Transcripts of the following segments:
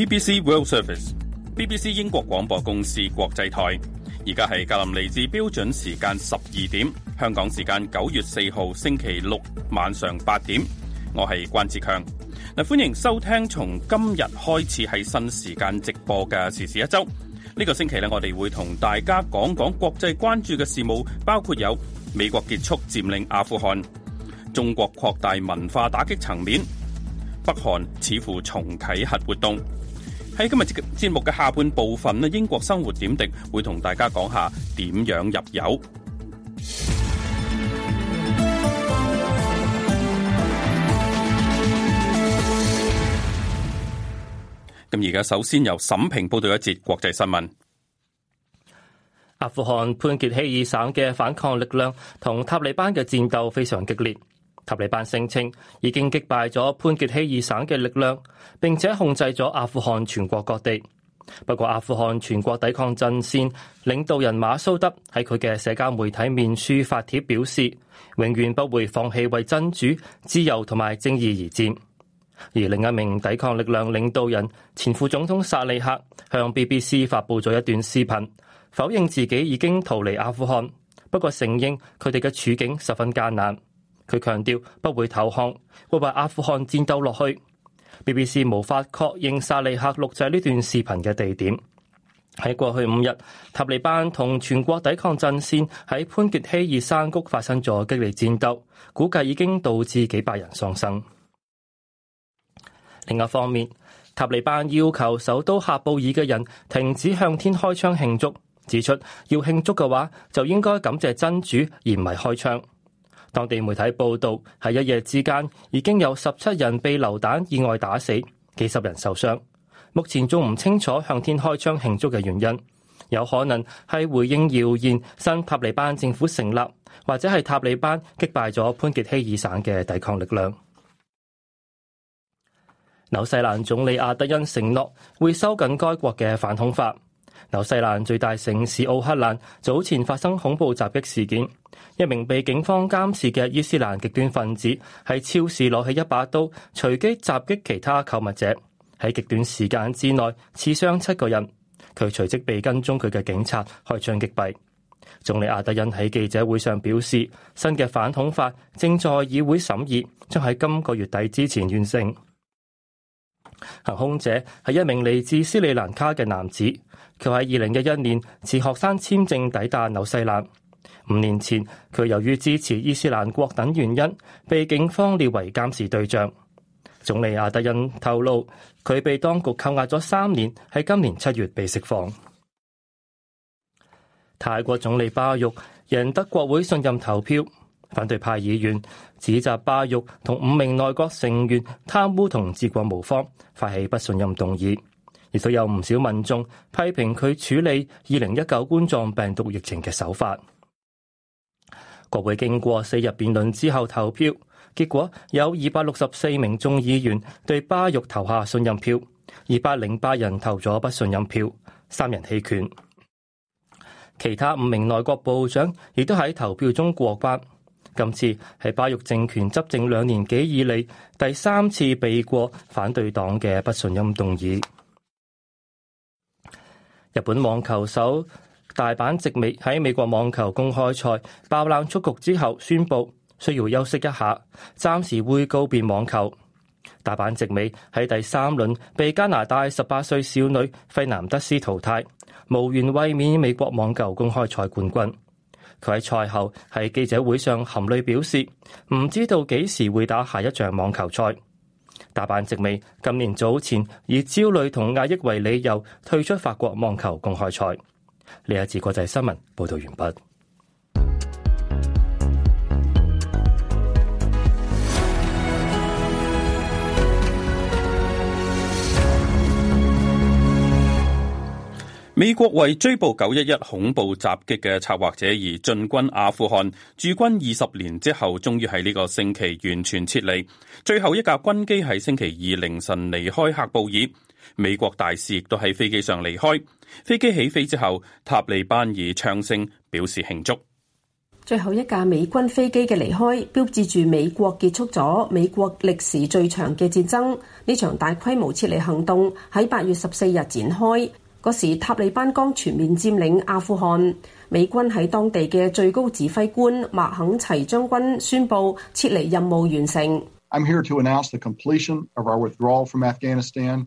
BBC World Service，BBC 英國廣播公司國際台。而家係格林尼治標準時間十二點，香港時間九月四號星期六晚上八點。我係關志強，嗱，歡迎收聽從今日開始喺新時間直播嘅時事一周。呢個星期呢，我哋會同大家講講國際關注嘅事務，包括有美國結束佔領阿富汗、中國擴大文化打擊層面、北韓似乎重啟核活動。喺今日節目嘅下半部分咧，英國生活點滴會同大家講下點樣入油。咁而家首先由沈平報道一節國際新聞。阿富汗潘傑希爾省嘅反抗力量同塔利班嘅戰鬥非常激烈。塔利班聲稱已經擊敗咗潘傑希爾省嘅力量，並且控制咗阿富汗全國各地。不過，阿富汗全國抵抗陣線領導人馬蘇德喺佢嘅社交媒體面書發帖表示，永遠不會放棄為真主、自由同埋正義而戰。而另一名抵抗力量領導人前副總統薩利克向 BBC 發布咗一段視頻，否認自己已經逃離阿富汗，不過承認佢哋嘅處境十分艱難。佢強調不會投降，會為阿富汗戰鬥落去。BBC 無法確認薩利克錄製呢段視頻嘅地點。喺過去五日，塔利班同全國抵抗陣線喺潘傑希爾山谷發生咗激烈戰鬥，估計已經導致幾百人喪生。另一方面，塔利班要求首都喀布爾嘅人停止向天開槍慶祝，指出要慶祝嘅話，就應該感謝真主，而唔係開槍。當地媒體報道，喺一夜之間已經有十七人被流彈意外打死，幾十人受傷。目前仲唔清楚向天開槍慶祝嘅原因，有可能係回應謠言新塔利班政府成立，或者係塔利班擊敗咗潘傑希爾省嘅抵抗力量。紐西蘭總理阿德恩承諾會收緊該國嘅反恐法。紐西蘭最大城市奧克蘭早前發生恐怖襲擊事件，一名被警方監視嘅伊斯蘭極端分子喺超市攞起一把刀，隨機襲擊其他購物者，喺極短時間之內刺傷七個人，佢隨即被跟蹤佢嘅警察開槍擊斃。總理阿德恩喺記者會上表示，新嘅反恐法正在議會審議，將喺今個月底之前完成。行凶者係一名嚟自斯里蘭卡嘅男子。佢喺二零一一年持學生簽證抵達紐西蘭。五年前，佢由於支持伊斯蘭國等原因，被警方列為監視對象。總理阿德恩透露，佢被當局扣押咗三年，喺今年七月被釋放。泰國總理巴育贏得國會信任投票，反對派議員指責巴育同五名內閣成員貪污同治國無方，發起不信任動議。亦都有唔少民眾批評佢處理二零一九冠狀病毒疫情嘅手法。國會經過四日辯論之後投票，結果有二百六十四名眾議員對巴育投下信任票，二百零八人投咗不信任票，三人棄權。其他五名內閣部長亦都喺投票中過關。今次係巴育政權執政兩年幾以嚟第三次避過反對黨嘅不信任動議。日本網球手大坂直美喺美國網球公開賽爆冷出局之後，宣布需要休息一下，暫時會告別網球。大坂直美喺第三輪被加拿大十八歲少女費南德斯淘汰，無緣衛冕美國網球公開賽冠軍。佢喺賽後喺記者會上含淚表示，唔知道幾時會打下一場網球賽。大坂直美今年早前以焦慮同壓抑為理由退出法國網球公開賽。呢一次國際新聞報道完畢。美國為追捕九一一恐怖襲擊嘅策劃者而進軍阿富汗，駐軍二十年之後，終於喺呢個星期完全撤離。最後一架軍機喺星期二凌晨離開喀布爾，美國大使亦都喺飛機上離開。飛機起飛之後，塔利班以槍聲表示慶祝。最後一架美軍飛機嘅離開，標誌住美國結束咗美國歷史最長嘅戰爭。呢場大規模撤離行動喺八月十四日展開。嗰時塔利班剛全面佔領阿富汗，美軍喺當地嘅最高指揮官麥肯齊將軍宣布撤離任務完成。I'm here to announce the completion of our withdrawal from Afghanistan.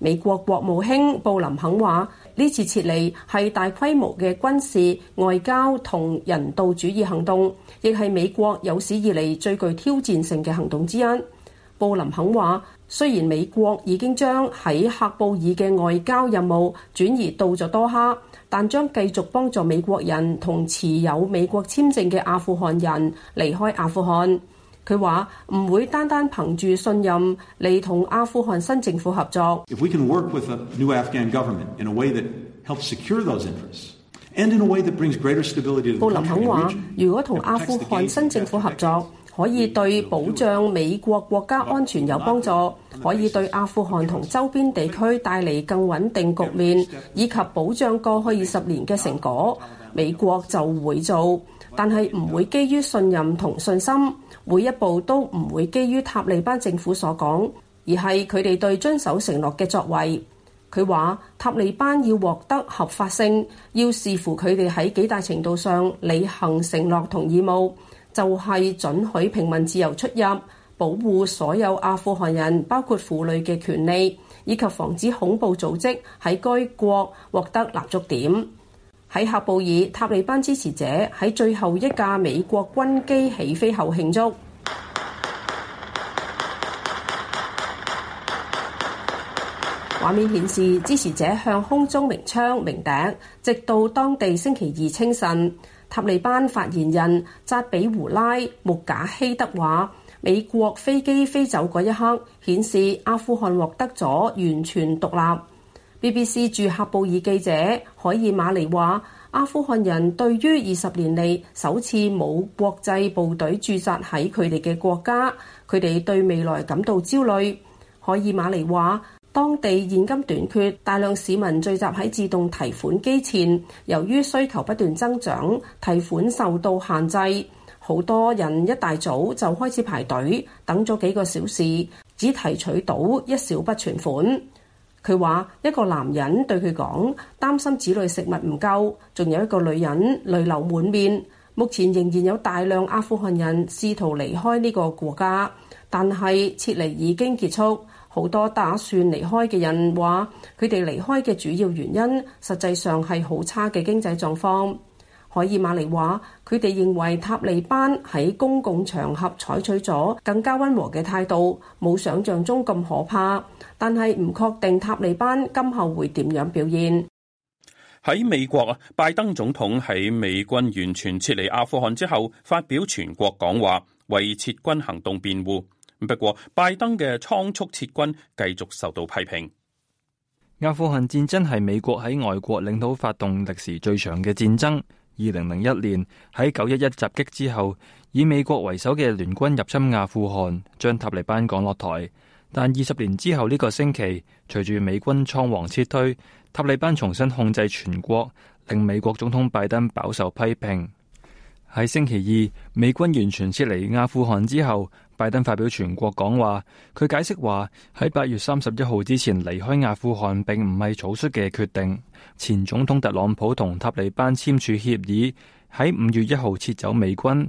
美國國務卿布林肯話：呢次撤離係大規模嘅軍事、外交同人道主義行動，亦係美國有史以嚟最具挑戰性嘅行動之一。布林肯話：雖然美國已經將喺喀布爾嘅外交任務轉移到咗多哈，但將繼續幫助美國人同持有美國簽證嘅阿富汗人離開阿富汗。佢話唔會單單憑住信任嚟同阿富汗新政府合作。布林肯話：如果同阿富汗新政府合作，可以對保障美國國家安全有幫助，可以對阿富汗同周邊地區帶嚟更穩定局面，以及保障過去二十年嘅成果，美國就會做。但係唔會基於信任同信心，每一步都唔會基於塔利班政府所講，而係佢哋對遵守承諾嘅作為。佢話塔利班要獲得合法性，要視乎佢哋喺幾大程度上履行承諾同義務，就係准許平民自由出入，保護所有阿富汗人，包括婦女嘅權利，以及防止恐怖組織喺該國獲得立足點。喺喀布爾，塔利班支持者喺最後一架美國軍機起飛後慶祝。 畫面顯示支持者向空中鳴槍鳴笛，直到當地星期二清晨。塔利班發言人扎比胡拉穆賈希德話：美國飛機飛走嗰一刻，顯示阿富汗獲得咗完全獨立。BBC 駐喀布爾記者海爾馬尼話，阿富汗人對於二十年嚟首次冇國際部隊駐紮喺佢哋嘅國家，佢哋對未來感到焦慮。海爾馬尼話，當地現金短缺，大量市民聚集喺自動提款機前，由於需求不斷增長，提款受到限制，好多人一大早就開始排隊，等咗幾個小時，只提取到一小筆存款。佢話：一個男人對佢講，擔心子女食物唔夠，仲有一個女人淚流滿面。目前仍然有大量阿富汗人試圖離開呢個國家，但係撤離已經結束。好多打算離開嘅人話，佢哋離開嘅主要原因，實際上係好差嘅經濟狀況。海爾瑪尼話：佢哋認為塔利班喺公共場合採取咗更加溫和嘅態度，冇想象中咁可怕。但係唔確定塔利班今後會點樣表現。喺美國啊，拜登總統喺美軍完全撤離阿富汗之後發表全國講話，為撤軍行動辯護。不過，拜登嘅倉促撤軍繼續受到批評。阿富汗戰爭係美國喺外國領土發動歷時最長嘅戰爭。二零零一年喺九一一襲擊之後，以美國為首嘅聯軍入侵阿富汗，將塔利班趕落台。但二十年之後呢個星期，隨住美軍倉皇撤退，塔利班重新控制全國，令美國總統拜登飽受批評。喺星期二，美軍完全撤離阿富汗之後，拜登發表全國講話，佢解釋話喺八月三十一號之前離開阿富汗，並唔係草率嘅決定。前總統特朗普同塔利班簽署協議，喺五月一號撤走美軍，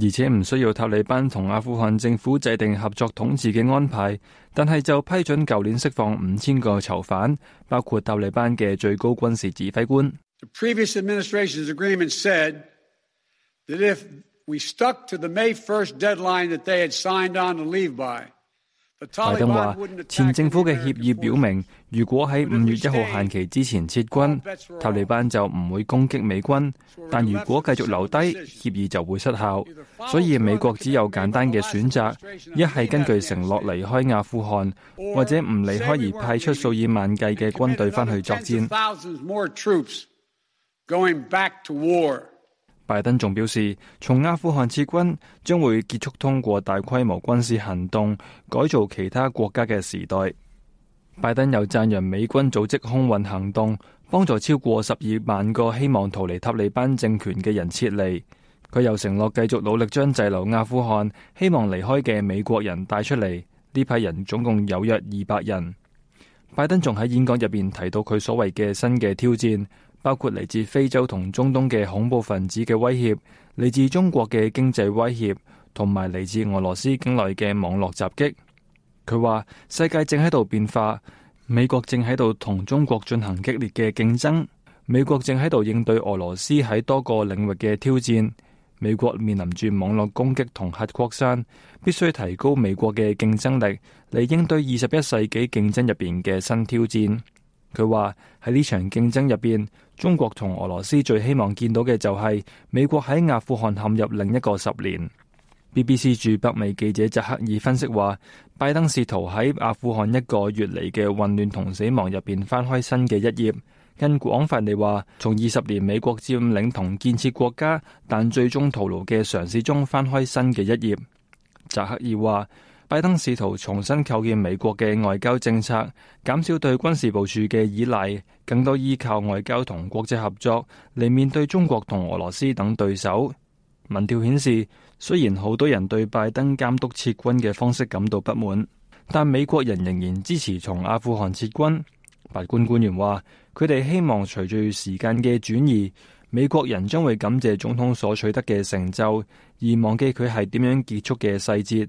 而且唔需要塔利班同阿富汗政府制定合作統治嘅安排。但係就批准舊年釋放五千個囚犯，包括塔利班嘅最高軍事指揮官。The 拜登話，前政府嘅協議表明，如果喺五月一號限期之前撤軍，塔利班就唔會攻擊美軍，但如果繼續留低，協議就會失效。所以美國只有簡單嘅選擇，一係根據承諾離開阿富汗，或者唔離開而派出數以萬計嘅軍隊翻去作戰。拜登仲表示，從阿富汗撤軍將會結束通過大規模軍事行動，改造其他國家嘅時代。拜登又讚揚美軍組織空運行動，幫助超過十二萬個希望逃離塔利班政權嘅人撤離。佢又承諾繼續努力將滯留阿富汗、希望離開嘅美國人帶出嚟。呢批人總共有約二百人。拜登仲喺演講入邊提到，佢所謂嘅新嘅挑戰。包括嚟自非洲同中東嘅恐怖分子嘅威脅，嚟自中國嘅經濟威脅，同埋嚟自俄羅斯境內嘅網絡襲擊。佢話世界正喺度變化，美國正喺度同中國進行激烈嘅競爭，美國正喺度應對俄羅斯喺多個領域嘅挑戰。美國面臨住網絡攻擊同核擴散，必須提高美國嘅競爭力嚟應對二十一世紀競爭入邊嘅新挑戰。佢話喺呢場競爭入邊。中國同俄羅斯最希望見到嘅就係美國喺阿富汗陷入另一個十年。BBC 駐北美記者扎克爾分析話，拜登試圖喺阿富汗一個月嚟嘅混亂同死亡入邊翻開新嘅一頁，更廣泛地話從二十年美國佔領同建設國家，但最終徒勞嘅嘗試中翻開新嘅一頁。扎克爾話。.拜登試圖重新構建美國嘅外交政策，減少對軍事部署嘅依賴，更多依靠外交同國際合作嚟面對中國同俄羅斯等對手。民調顯示，雖然好多人對拜登監督撤軍嘅方式感到不滿，但美國人仍然支持從阿富汗撤軍。白宮官，官員話，佢哋希望隨住時間嘅轉移，美國人將會感謝總統所取得嘅成就，而忘記佢係點樣結束嘅細節。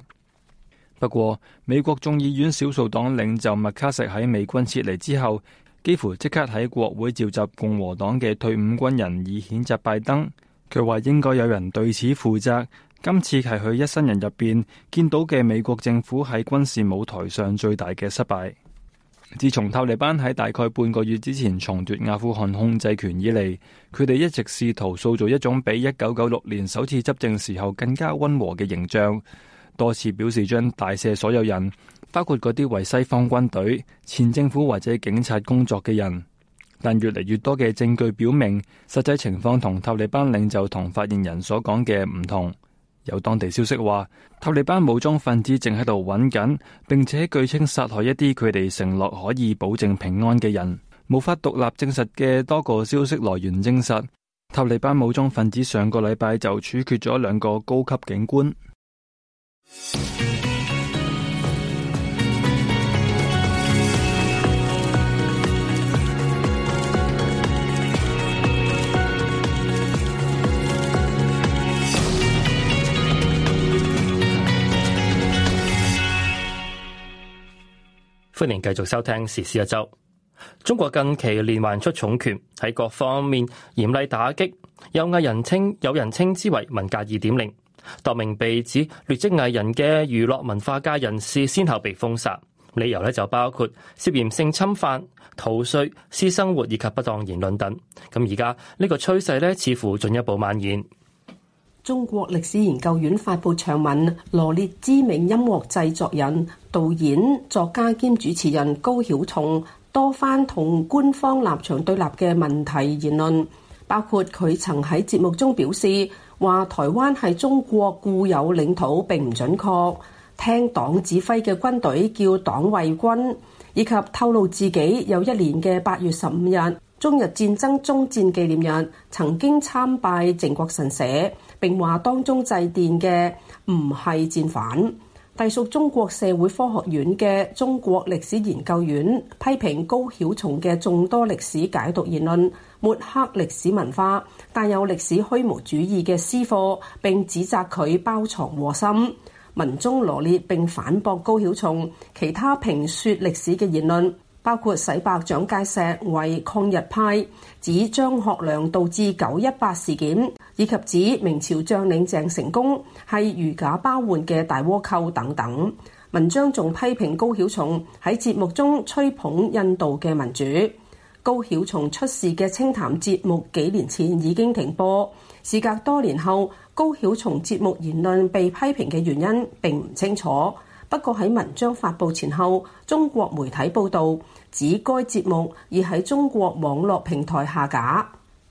不過，美國眾議院少數黨領袖麥卡錫喺美軍撤離之後，幾乎即刻喺國會召集共和黨嘅退伍軍人以譴責拜登。佢話應該有人對此負責。今次係佢一生人入面見到嘅美國政府喺軍事舞台上最大嘅失敗。自從塔利班喺大概半個月之前重奪阿富汗控制權以嚟，佢哋一直試圖塑造一種比一九九六年首次執政時候更加温和嘅形象。多次表示將大赦所有人，包括嗰啲為西方軍隊、前政府或者警察工作嘅人。但越嚟越多嘅證據表明，實際情況同塔利班領袖同發言人所講嘅唔同。有當地消息話，塔利班武裝分子正喺度揾緊，並且據稱殺害一啲佢哋承諾可以保證平安嘅人。無法獨立證實嘅多個消息來源證實，塔利班武裝分子上個禮拜就處決咗兩個高級警官。歡迎繼續收聽時事一周。中國近期連環出重拳喺各方面嚴厲打擊，有藝人稱有人稱之為“文革二點零”。多名被指劣跡藝人嘅娛樂文化界人士先後被封殺，理由咧就包括涉嫌性侵犯、逃稅、私生活以及不當言論等。咁而家呢個趨勢咧，似乎進一步蔓延。中國歷史研究院發布長文，羅列知名音樂製作人、導演、作家兼主持人高曉松多番同官方立場對立嘅問題言論，包括佢曾喺節目中表示，話台灣係中國固有領土並唔準確，聽黨指揮嘅軍隊叫黨衞軍，以及透露自己有一年嘅八月十五日中日戰爭終戰紀念日曾經參拜靖國神社，並話當中祭奠嘅唔係戰犯。隸屬中國社會科學院嘅中國歷史研究院批評高曉松嘅眾多歷史解讀言論。抹黑歷史文化、帶有歷史虛無主義嘅私貨，並指責佢包藏禍心。文中羅列並反駁高曉松其他評説歷史嘅言論，包括洗白蔣介石為抗日派，指張學良導致九一八事件，以及指明朝將領鄭成功係如假包換嘅大倭寇等等。文章仲批評高曉松喺節目中吹捧印度嘅民主。高曉松出事嘅清談節目幾年前已經停播，事隔多年後，高曉松節目言論被批評嘅原因並唔清楚。不過喺文章發布前後，中國媒體報道指該節目已喺中國網絡平台下架。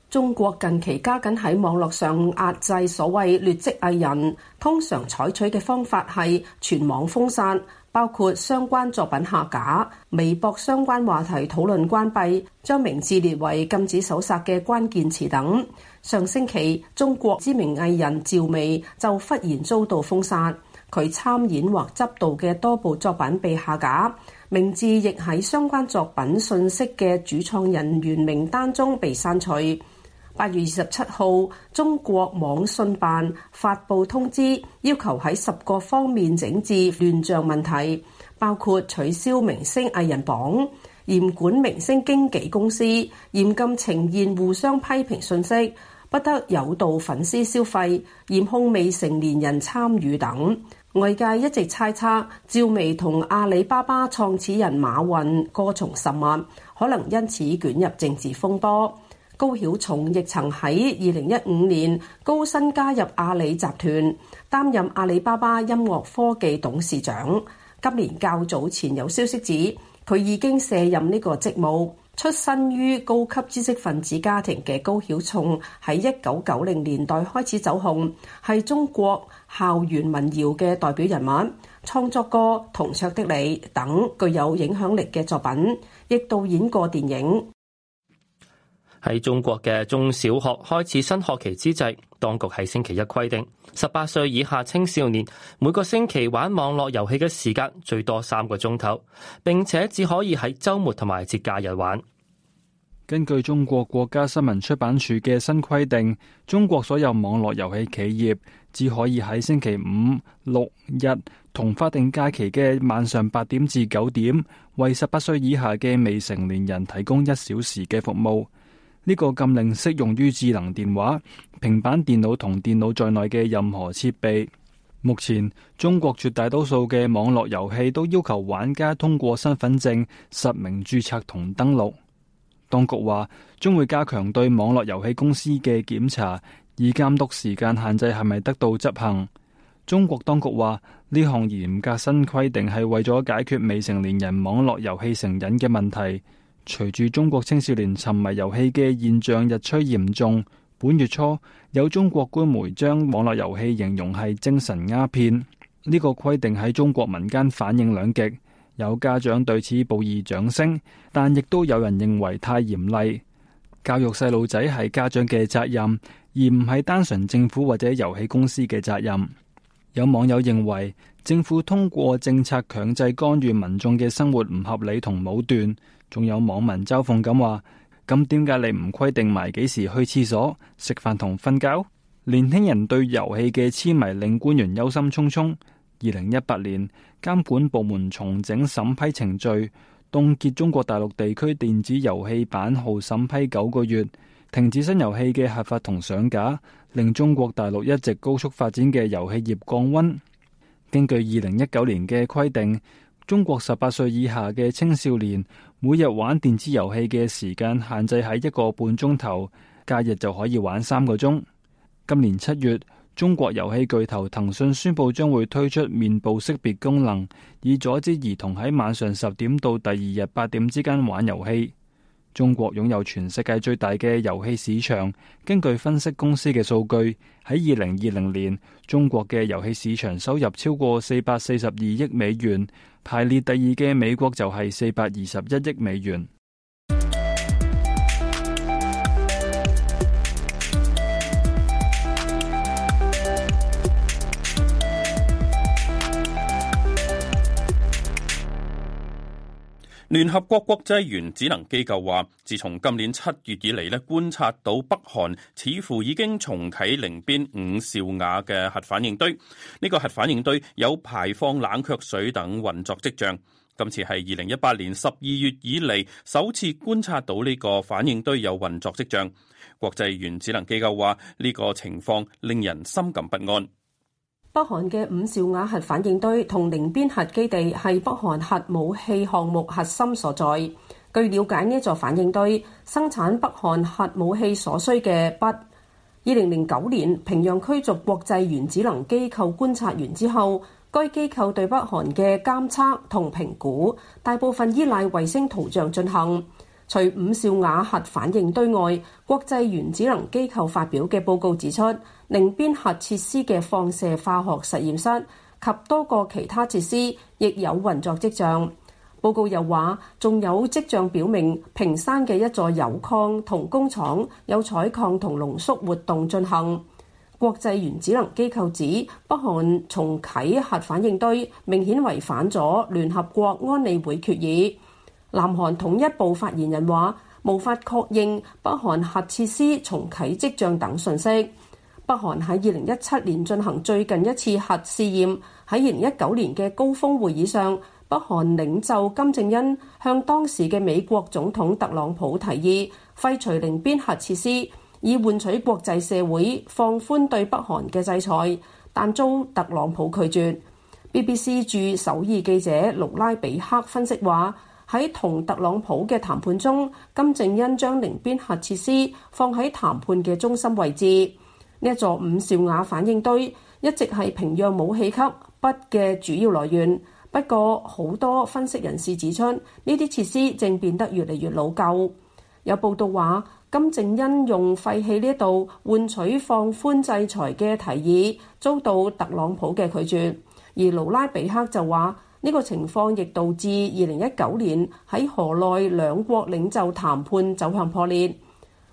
中國近期加緊喺網絡上壓制所謂劣跡藝人，通常採取嘅方法係全網封殺。包括相關作品下架、微博相關話題討論關閉、將名字列為禁止搜索嘅關鍵詞等。上星期，中國知名藝人趙薇就忽然遭到封殺，佢參演或執導嘅多部作品被下架，名字亦喺相關作品信息嘅主創人員名單中被刪除。八月二十七號，中國網信辦發布通知，要求喺十個方面整治亂象問題，包括取消明星藝人榜、嚴管明星經紀公司、嚴禁呈現互相批評信息、不得誘導粉絲消費、嚴控未成年人參與等。外界一直猜測，趙薇同阿里巴巴創始人馬雲過從甚密，可能因此捲入政治風波。高曉松亦曾喺二零一五年高薪加入阿里集團，擔任阿里巴巴音樂科技董事長。今年較早前，有消息指佢已經卸任呢個職務。出身於高級知識分子家庭嘅高曉松喺一九九零年代開始走紅，係中國校園民謠嘅代表人物，創作過《同桌的你》等具有影響力嘅作品，亦導演過電影。喺中國嘅中小學開始新學期之際，當局喺星期一規定，十八歲以下青少年每個星期玩網絡遊戲嘅時間最多三個鐘頭，並且只可以喺周末同埋節假日玩。根據中國國家新聞出版署嘅新規定，中國所有網絡遊戲企業只可以喺星期五、六、日同法定假期嘅晚上八點至九點，為十八歲以下嘅未成年人提供一小時嘅服務。呢個禁令適用於智能電話、平板電腦同電腦在內嘅任何設備。目前，中國絕大多數嘅網絡遊戲都要求玩家通過身份證實名注冊同登錄。當局話，將會加強對網絡遊戲公司嘅檢查，以監督時間限制係咪得到執行。中國當局話，呢項嚴格新規定係為咗解決未成年人網絡遊戲成癮嘅問題。隨住中國青少年沉迷遊戲嘅現象日趨嚴重，本月初有中國官媒將網絡遊戲形容係精神鴉片。呢個規定喺中國民間反應兩極，有家長對此報以掌聲，但亦都有人認為太嚴厲。教育細路仔係家長嘅責任，而唔係單純政府或者遊戲公司嘅責任。有網友認為政府通過政策強制干預民眾嘅生活唔合理同武斷。仲有網民嘲諷咁話：咁點解你唔規定埋幾時去廁所、食飯同瞓覺？年輕人對遊戲嘅痴迷令官員憂心忡忡。二零一八年，監管部門重整審批程序，凍結中國大陸地區電子遊戲版號審批九個月，停止新遊戲嘅合法同上架，令中國大陸一直高速發展嘅遊戲業降温。根據二零一九年嘅規定。中國十八歲以下嘅青少年每日玩電子遊戲嘅時間限制喺一個半鐘頭，假日就可以玩三個鐘。今年七月，中國遊戲巨頭騰訊宣布將會推出面部識別功能，以阻止兒童喺晚上十點到第二日八點之間玩遊戲。中國擁有全世界最大嘅遊戲市場。根據分析公司嘅數據，喺二零二零年，中國嘅遊戲市場收入超過四百四十二億美元，排列第二嘅美國就係四百二十一億美元。聯合國國際原子能機構話，自從今年七月以嚟咧，觀察到北韓似乎已經重啟寧邊五兆瓦嘅核反應堆。呢、這個核反應堆有排放冷卻水等運作跡象。今次係二零一八年十二月以嚟首次觀察到呢個反應堆有運作跡象。國際原子能機構話呢、這個情況令人深感不安。北韓嘅五兆瓦核反應堆同寧邊核基地係北韓核武器項目核心所在。據了解，呢座反應堆生產北韓核武器所需嘅鈈。二零零九年平壤驅逐國際原子能機構觀察員之後，該機構對北韓嘅監測同評估大部分依賴衛星圖像進行。除五兆瓦核反應堆外，國際原子能機構發表嘅報告指出，寧邊核設施嘅放射化學實驗室及多個其他設施亦有運作跡象。報告又話，仲有跡象表明平山嘅一座鈾礦同工廠有採礦同濃縮活動進行。國際原子能機構指，北韓重啟核反應堆明顯違反咗聯合國安理會決議。南韓統一部發言人話，無法確認北韓核設施重啟跡象等信息。北韓喺二零一七年進行最近一次核試驗。喺二零一九年嘅高峰會議上，北韓領袖金正恩向當時嘅美國總統特朗普提議廢除寧邊核設施，以換取國際社會放寬對北韓嘅制裁。但遭特朗普拒絕。BBC 駐首爾記者盧拉比克分析話：喺同特朗普嘅談判中，金正恩將寧邊核設施放喺談判嘅中心位置。呢座五兆瓦反應堆一直係平壤武器級鈈嘅主要來源，不過好多分析人士指出，呢啲設施正變得越嚟越老舊。有報道話，金正恩用廢棄呢度換取放寬制裁嘅提議遭到特朗普嘅拒絕，而盧拉比克就話呢、這個情況亦導致二零一九年喺河內兩國領袖談判走向破裂。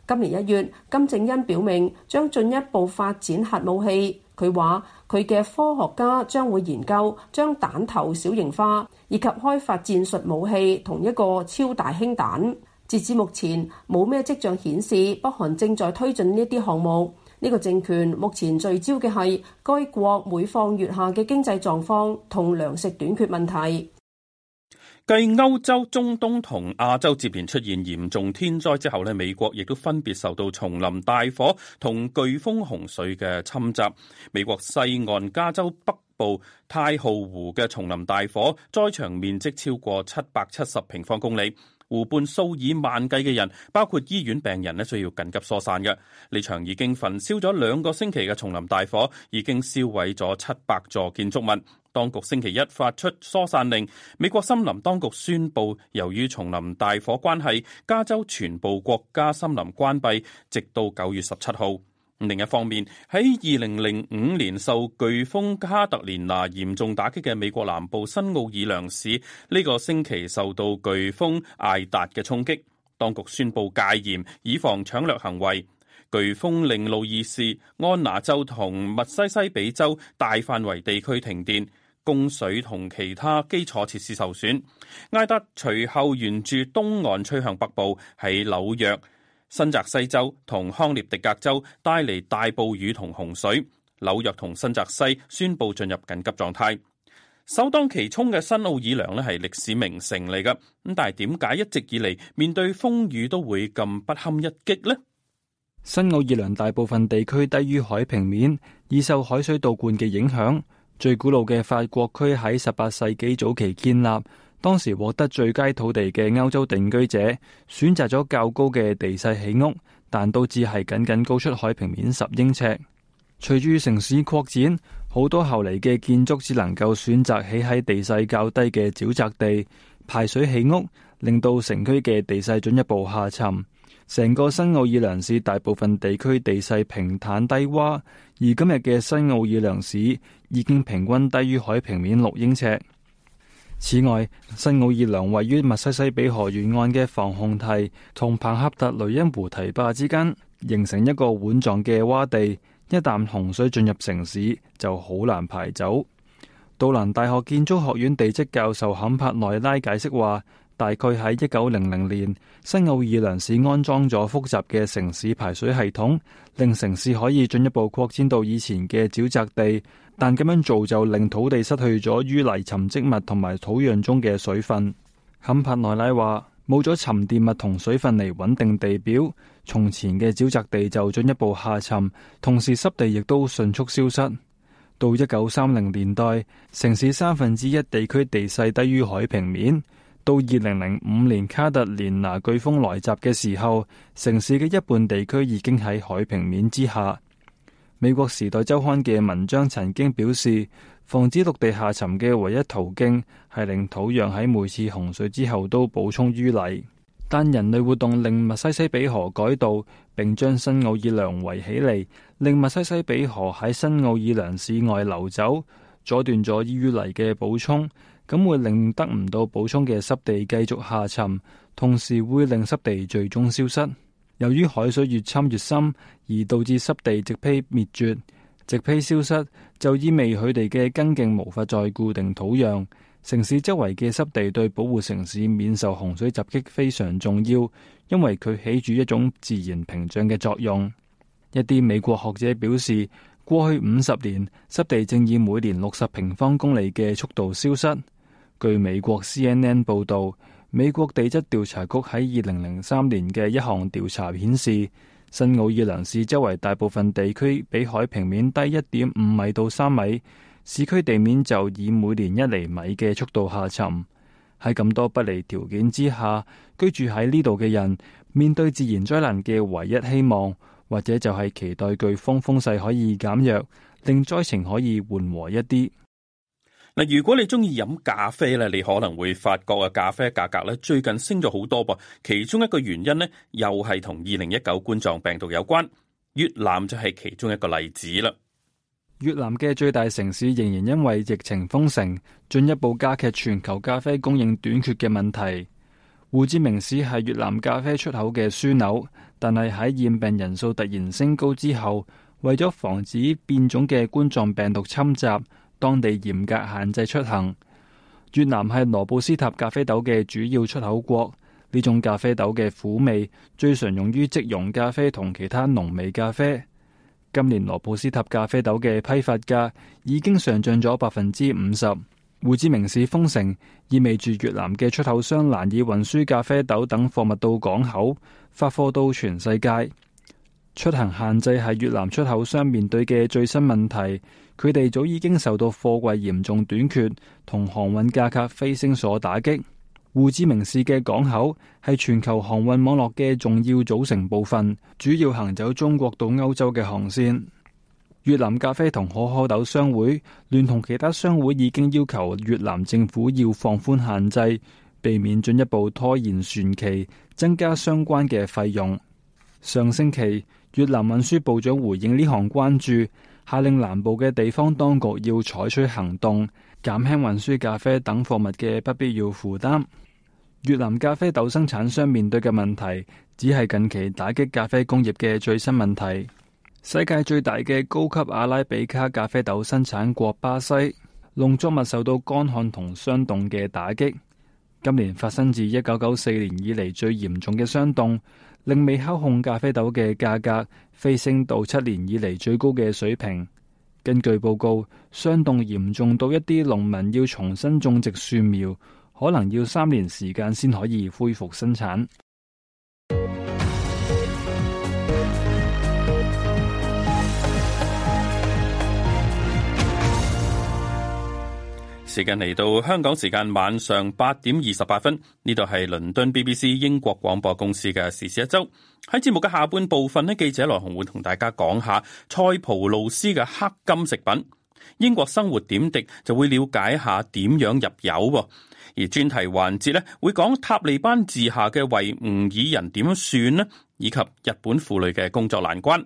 今年一月，金正恩表明將進一步發展核武器。佢話：佢嘅科學家將會研究將彈頭小型化，以及開發戰術武器同一個超大氫彈，截至目前，冇咩跡象顯示北韓正在推進呢啲項目。呢、這個政權目前聚焦嘅係該國每況愈下嘅經濟狀況同糧食短缺問題。繼歐洲、中東同亞洲接連出現嚴重天災之後呢，美國亦都分別受到叢林大火同颶風洪水嘅侵襲。美國西岸加州北部太浩湖嘅叢林大火災場面積超過七百七十平方公里，湖畔數以萬計嘅人，包括醫院病人呢，需要緊急疏散嘅。呢場已經焚燒咗兩個星期嘅叢林大火，已經燒毀咗七百座建築物。當局星期一發出疏散令。美國森林當局宣布，由於叢林大火關係，加州全部國家森林關閉，直到九月十七號。另一方面，喺二零零五年受颶風卡特琳娜嚴,嚴,嚴重打擊嘅美國南部新奧爾良市，呢、這個星期受到颶風艾達嘅衝擊。當局宣布戒嚴，以防搶掠行為。颶風令路易斯安那州同密西西比州大範圍地區停電。供水同其他基礎設施受損。埃德隨後沿住東岸吹向北部，喺紐約、新澤西州同康涅狄格州帶嚟大暴雨同洪水。紐約同新澤西宣布進入緊急狀態。首當其衝嘅新奧爾良咧係歷史名城嚟噶，咁但係點解一直以嚟面對風雨都會咁不堪一擊咧？新奧爾良大部分地區低於海平面，已受海水倒灌嘅影響。最古老嘅法國區喺十八世紀早期建立，當時獲得最佳土地嘅歐洲定居者選擇咗較高嘅地勢起屋，但都只係僅僅高出海平面十英尺。隨住城市擴展，好多後嚟嘅建築只能夠選擇起喺地勢較低嘅沼澤地排水起屋，令到城區嘅地勢進一步下沉。成個新奧爾良市大部分地區地勢平坦低窪，而今日嘅新奧爾良市，已經平均低於海平面六英尺。此外，新奧爾良位於密西西比河沿岸嘅防洪堤同龐恰特雷恩湖堤壩之間，形成一個碗狀嘅窪地。一旦洪水進入城市，就好難排走。杜蘭大學建築學院地質教授坎帕內拉解釋話，大概喺一九零零年，新奧爾良市安裝咗複雜嘅城市排水系統，令城市可以進一步擴展到以前嘅沼澤地。但咁樣做就令土地失去咗淤泥、沉積物同埋土壤中嘅水分。坎帕內拉話：冇咗沉澱物同水分嚟穩定地表，從前嘅沼澤地就進一步下沉，同時濕地亦都迅速消失。到一九三零年代，城市三分之一地區地勢低於海平面。到二零零五年卡特連娜颶風來襲嘅時候，城市嘅一半地區已經喺海平面之下。美國時代週刊嘅文章曾經表示，防止陸地下沉嘅唯一途徑係令土壤喺每次洪水之後都補充淤泥，但人類活動令密西西比河改道並將新奧爾良圍起嚟，令密西西比河喺新奧爾良市外流走，阻斷咗淤泥嘅補充，咁會令得唔到補充嘅濕地繼續下沉，同時會令濕地最終消失。由於海水越侵越深，而導致濕地植被滅絕、植被消失，就意味佢哋嘅根莖無法再固定土壤。城市周圍嘅濕地對保護城市免受洪水襲擊非常重要，因為佢起住一種自然屏障嘅作用。一啲美國學者表示，過去五十年濕地正以每年六十平方公里嘅速度消失。據美國 CNN 報導。美國地質調查局喺二零零三年嘅一項調查顯示，新奧爾良市周圍大部分地區比海平面低一點五米到三米，市區地面就以每年一厘米嘅速度下沉。喺咁多不利條件之下，居住喺呢度嘅人面對自然災難嘅唯一希望，或者就係期待颶風風勢可以減弱，令災情可以緩和一啲。嗱，如果你中意飲咖啡咧，你可能會發覺啊，咖啡價格咧最近升咗好多噃。其中一個原因咧，又係同二零一九冠狀病毒有關。越南就係其中一個例子啦。越南嘅最大城市仍然因為疫情封城，進一步加劇全球咖啡供應短缺嘅問題。胡志明市係越南咖啡出口嘅樞紐，但係喺驗病人數突然升高之後，為咗防止變種嘅冠狀病毒侵襲。當地嚴格限制出行。越南係羅布斯塔咖啡豆嘅主要出口國，呢種咖啡豆嘅苦味最常用於即溶咖啡同其他濃味咖啡。今年羅布斯塔咖啡豆嘅批發價已經上漲咗百分之五十。胡志明市封城意味住越南嘅出口商難以運輸咖啡豆等貨物到港口，發貨到全世界。出行限制係越南出口商面對嘅最新問題，佢哋早已經受到貨櫃嚴重短缺同航運價格飛升所打擊。胡志明市嘅港口係全球航運網絡嘅重要組成部分，主要行走中國到歐洲嘅航線。越南咖啡同可可豆商會聯同其他商會已經要求越南政府要放寬限制，避免進一步拖延船期，增加相關嘅費用。上星期，越南運輸部長回應呢項關注，下令南部嘅地方當局要採取行動，減輕運輸咖啡等貨物嘅不必要負擔。越南咖啡豆生產商面對嘅問題，只係近期打擊咖啡工業嘅最新問題。世界最大嘅高級阿拉比卡咖啡豆生產國巴西，農作物受到乾旱同霜凍嘅打擊。今年發生自一九九四年以嚟最嚴重嘅霜凍。令美烤烘咖啡豆嘅價格飛升到七年以嚟最高嘅水平。根據報告，霜凍嚴重到一啲農民要重新種植樹苗，可能要三年時間先可以恢復生產。時間嚟到香港時間晚上八點二十八分，呢度係倫敦 BBC 英國廣播公司嘅時事一周。喺節目嘅下半部分呢，記者來鴻會同大家講下塞浦路斯嘅黑金食品，英國生活點滴就會了解下點樣入油。而專題環節咧會講塔利班治下嘅維吾爾人點樣算咧，以及日本婦女嘅工作難關。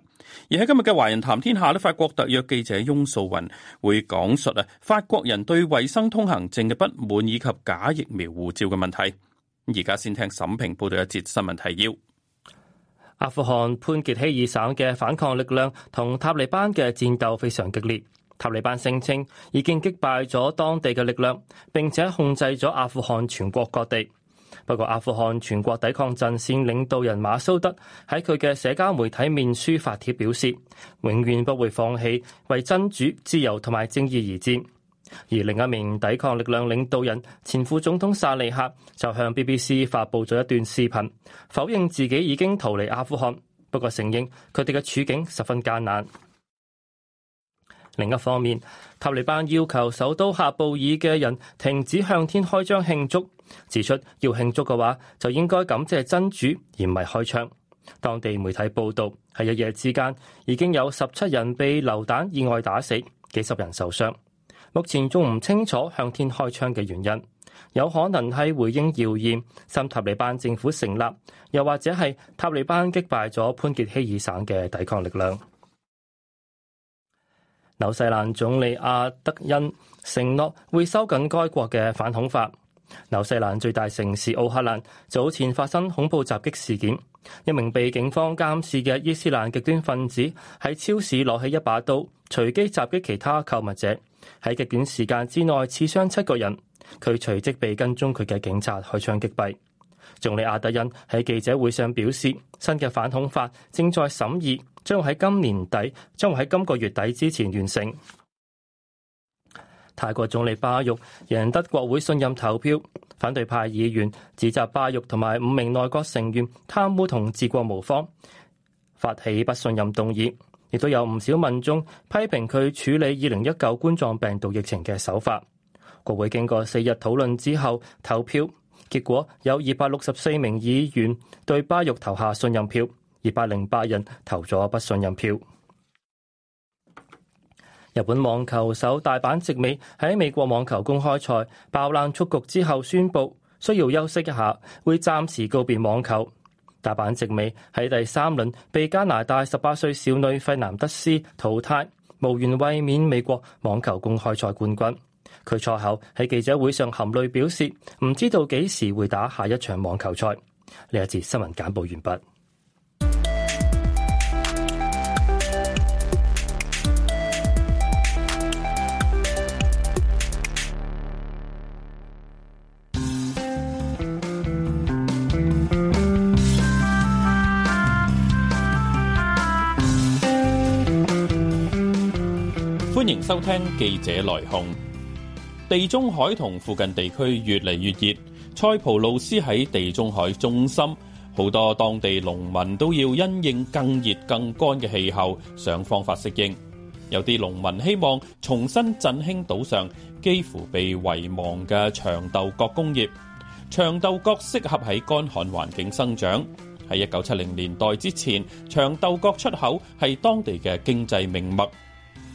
而喺今日嘅華人談天下呢，法國特約記者翁素云會講述啊，法國人對衛生通行證嘅不滿以及假疫苗護照嘅問題。而家先聽沈平報道一節新聞提要。阿富汗潘傑希爾省嘅反抗力量同塔利班嘅戰鬥非常激烈，塔利班聲稱已經擊敗咗當地嘅力量，並且控制咗阿富汗全國各地。不過，阿富汗全國抵抗陣線領導人馬蘇德喺佢嘅社交媒體面書發帖表示，永遠不會放棄為真主、自由同埋正義而戰。而另一名抵抗力量領導人前副總統薩利克就向 BBC 發布咗一段視頻，否認自己已經逃離阿富汗，不過承認佢哋嘅處境十分艱難。另一方面，塔利班要求首都喀布爾嘅人停止向天開槍慶祝。指出要慶祝嘅話，就應該感謝真主，而唔係開槍。當地媒體報導喺一夜之間已經有十七人被榴彈意外打死，幾十人受傷。目前仲唔清楚向天開槍嘅原因，有可能係回應謠言，新塔利班政府成立，又或者係塔利班擊敗咗潘傑希爾省嘅抵抗力量。紐西蘭總理阿德恩承諾會收緊該國嘅反恐法。紐西蘭最大城市奧克蘭早前發生恐怖襲擊事件，一名被警方監視嘅伊斯蘭極端分子喺超市攞起一把刀，隨機襲擊其他購物者，喺極短時間之內刺傷七個人，佢隨即被跟蹤佢嘅警察開槍擊斃。總理阿德恩喺記者會上表示，新嘅反恐法正在審議，將喺今年底，將會喺今個月底之前完成。泰國總理巴育贏得國會信任投票，反對派議員指責巴育同埋五名內閣成員貪污同治國無方，發起不信任動議。亦都有唔少民眾批評佢處理二零一九冠狀病毒疫情嘅手法。國會經過四日討論之後投票，結果有二百六十四名議員對巴育投下信任票，二百零八人投咗不信任票。日本網球手大阪直美喺美國網球公開賽爆冷出局之後，宣布需要休息一下，會暫時告別網球。大阪直美喺第三輪被加拿大十八歲少女費南德斯淘汰，無緣衛冕美國網球公開賽冠軍。佢賽後喺記者會上含淚表示，唔知道幾時會打下一場網球賽。呢一節新聞簡報完畢。歡迎收聽記者來鴻。地中海同附近地區越嚟越熱，塞浦路斯喺地中海中心，好多當地農民都要因應更熱更乾嘅氣候，想方法適應。有啲農民希望重新振興島上幾乎被遺忘嘅長豆角工業。長豆角適合喺乾旱環境生長。喺一九七零年代之前，長豆角出口係當地嘅經濟命脈。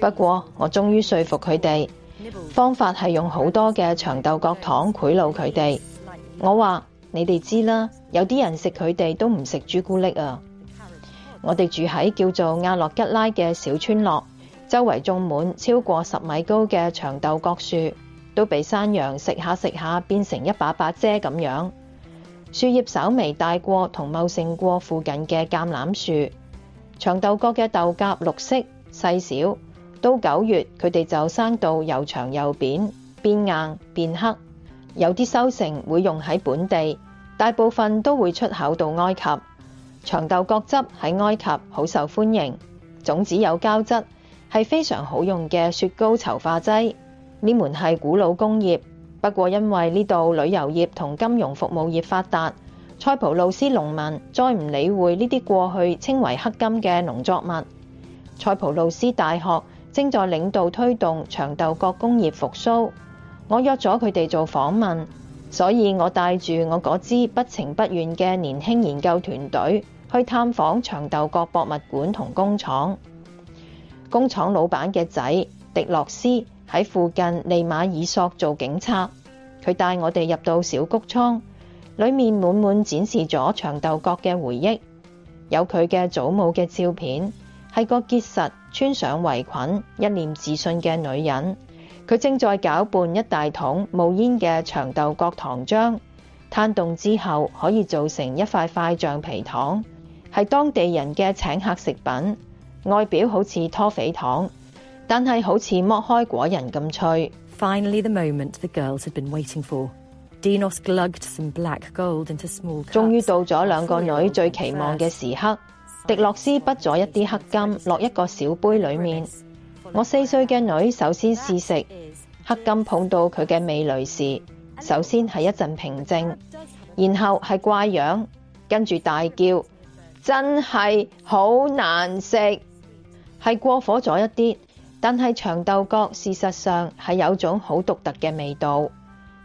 不過，我終於說服佢哋方法係用好多嘅長豆角糖賄賂佢哋。我話：你哋知啦，有啲人食佢哋都唔食朱古力啊。我哋住喺叫做亞洛吉拉嘅小村落，周圍種滿超過十米高嘅長豆角樹，都被山羊食下食下，變成一把把遮咁樣。樹葉稍微大過同茂盛過附近嘅橄欖樹。長豆角嘅豆莢綠色細小。到九月，佢哋就生到又長又扁，變硬變黑。有啲收成會用喺本地，大部分都會出口到埃及。長豆角汁喺埃及好受歡迎，種子有膠質，係非常好用嘅雪糕稠化劑。呢門係古老工業，不過因為呢度旅遊業同金融服務業發達，塞浦路斯農民再唔理會呢啲過去稱為黑金嘅農作物。塞浦路斯大學，正在領導推動長豆角工業復甦，我約咗佢哋做訪問，所以我帶住我嗰支不情不願嘅年輕研究團隊去探訪長豆角博物館同工廠。工廠老闆嘅仔迪洛斯喺附近利馬爾索做警察，佢帶我哋入到小谷倉，裡面滿滿展示咗長豆角嘅回憶，有佢嘅祖母嘅照片，係個結實。穿上圍裙，一臉自信嘅女人，佢正在攪拌一大桶冒煙嘅長豆角糖漿。攤凍之後可以做成一塊塊橡皮糖，係當地人嘅請客食品。外表好似拖肥糖，但係好似剝開果仁咁脆。Finally, the moment the girls had been waiting for, Dinos glugged some black gold into smoothies. 終於到咗兩個女最期望嘅時刻。迪洛斯潷咗一啲黑金落一個小杯裏面，我四歲嘅女首先試食黑金，碰到佢嘅味蕾時，首先係一陣平靜，然後係怪樣，跟住大叫，真係好難食，係過火咗一啲，但係長豆角事實上係有種好獨特嘅味道，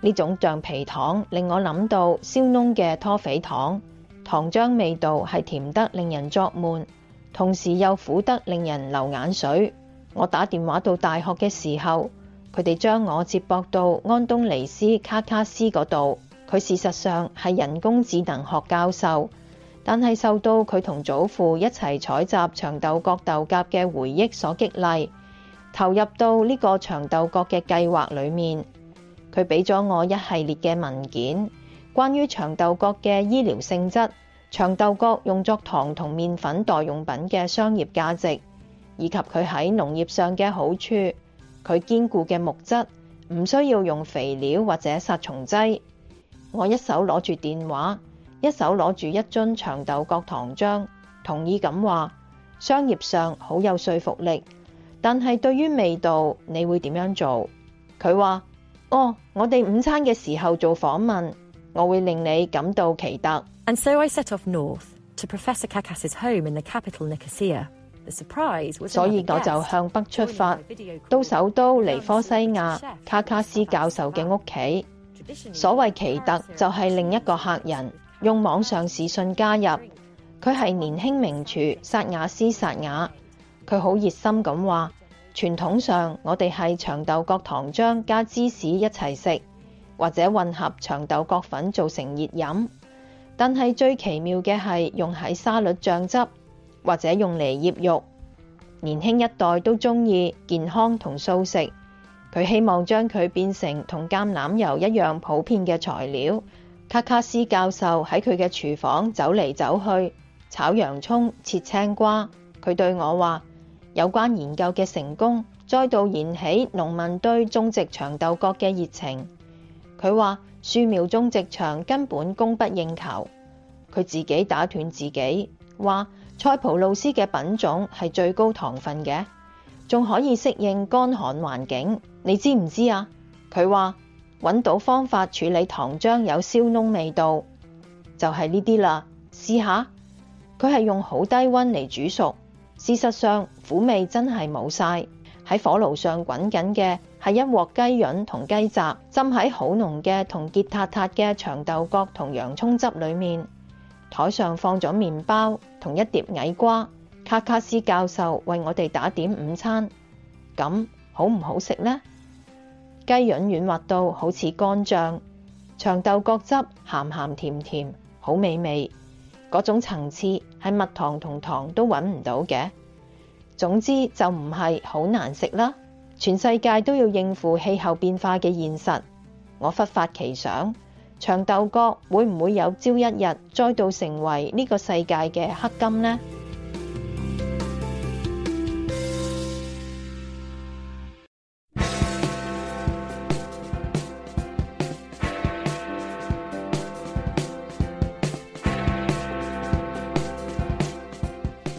呢種橡皮糖令我諗到燒㶶嘅拖肥糖。糖漿味道係甜得令人作悶，同時又苦得令人流眼水。我打電話到大學嘅時候，佢哋將我接駁到安東尼斯卡卡斯嗰度。佢事實上係人工智能學教授，但係受到佢同祖父一齊採集長豆角豆莢嘅回憶所激勵，投入到呢個長豆角嘅計劃裏面。佢俾咗我一系列嘅文件。關於長豆角嘅醫療性質，長豆角用作糖同麵粉代用品嘅商業價值，以及佢喺農業上嘅好處，佢堅固嘅木質唔需要用肥料或者殺蟲劑。我一手攞住電話，一手攞住一樽長豆角糖漿，同意咁話，商業上好有說服力，但係對於味道，你會點樣做？佢話：哦，我哋午餐嘅時候做訪問。我會令你感到奇特，所以我就向北出發，到首都尼科西亞卡卡斯教授嘅屋企。所謂奇特就係另一個客人用網上視訊加入，佢係年輕名廚薩瓦斯薩瓦，佢好熱心咁話：傳統上我哋係長豆角糖漿加芝士一齊食。或者混合長豆角粉做成熱飲，但係最奇妙嘅係用喺沙律醬汁，或者用嚟醃肉。年輕一代都中意健康同素食，佢希望將佢變成同橄欖油一樣普遍嘅材料。卡卡斯教授喺佢嘅廚房走嚟走去，炒洋葱、切青瓜。佢對我話：有關研究嘅成功，再度燃起農民對種植長豆角嘅熱情。佢話樹苗種植場根本供不應求，佢自己打斷自己話：塞浦路斯嘅品種係最高糖分嘅，仲可以適應乾寒環境，你知唔知啊？佢話揾到方法處理糖漿有燒燶味道，就係呢啲啦，試下。佢係用好低溫嚟煮熟，事實上苦味真係冇晒。喺火爐上滾緊嘅係一鑊雞潤同雞雜，浸喺好濃嘅同結塔塔嘅長豆角同洋葱汁裡面。台上放咗麵包同一碟矮瓜。卡卡斯教授為我哋打點午餐，咁好唔好食呢？雞潤軟滑到好似乾醬，長豆角汁鹹鹹甜甜，好美味。嗰種層次係蜜糖同糖都揾唔到嘅。總之就唔係好難食啦，全世界都要應付氣候變化嘅現實。我忽發奇想，長豆角會唔會有朝一日再度成為呢個世界嘅黑金呢？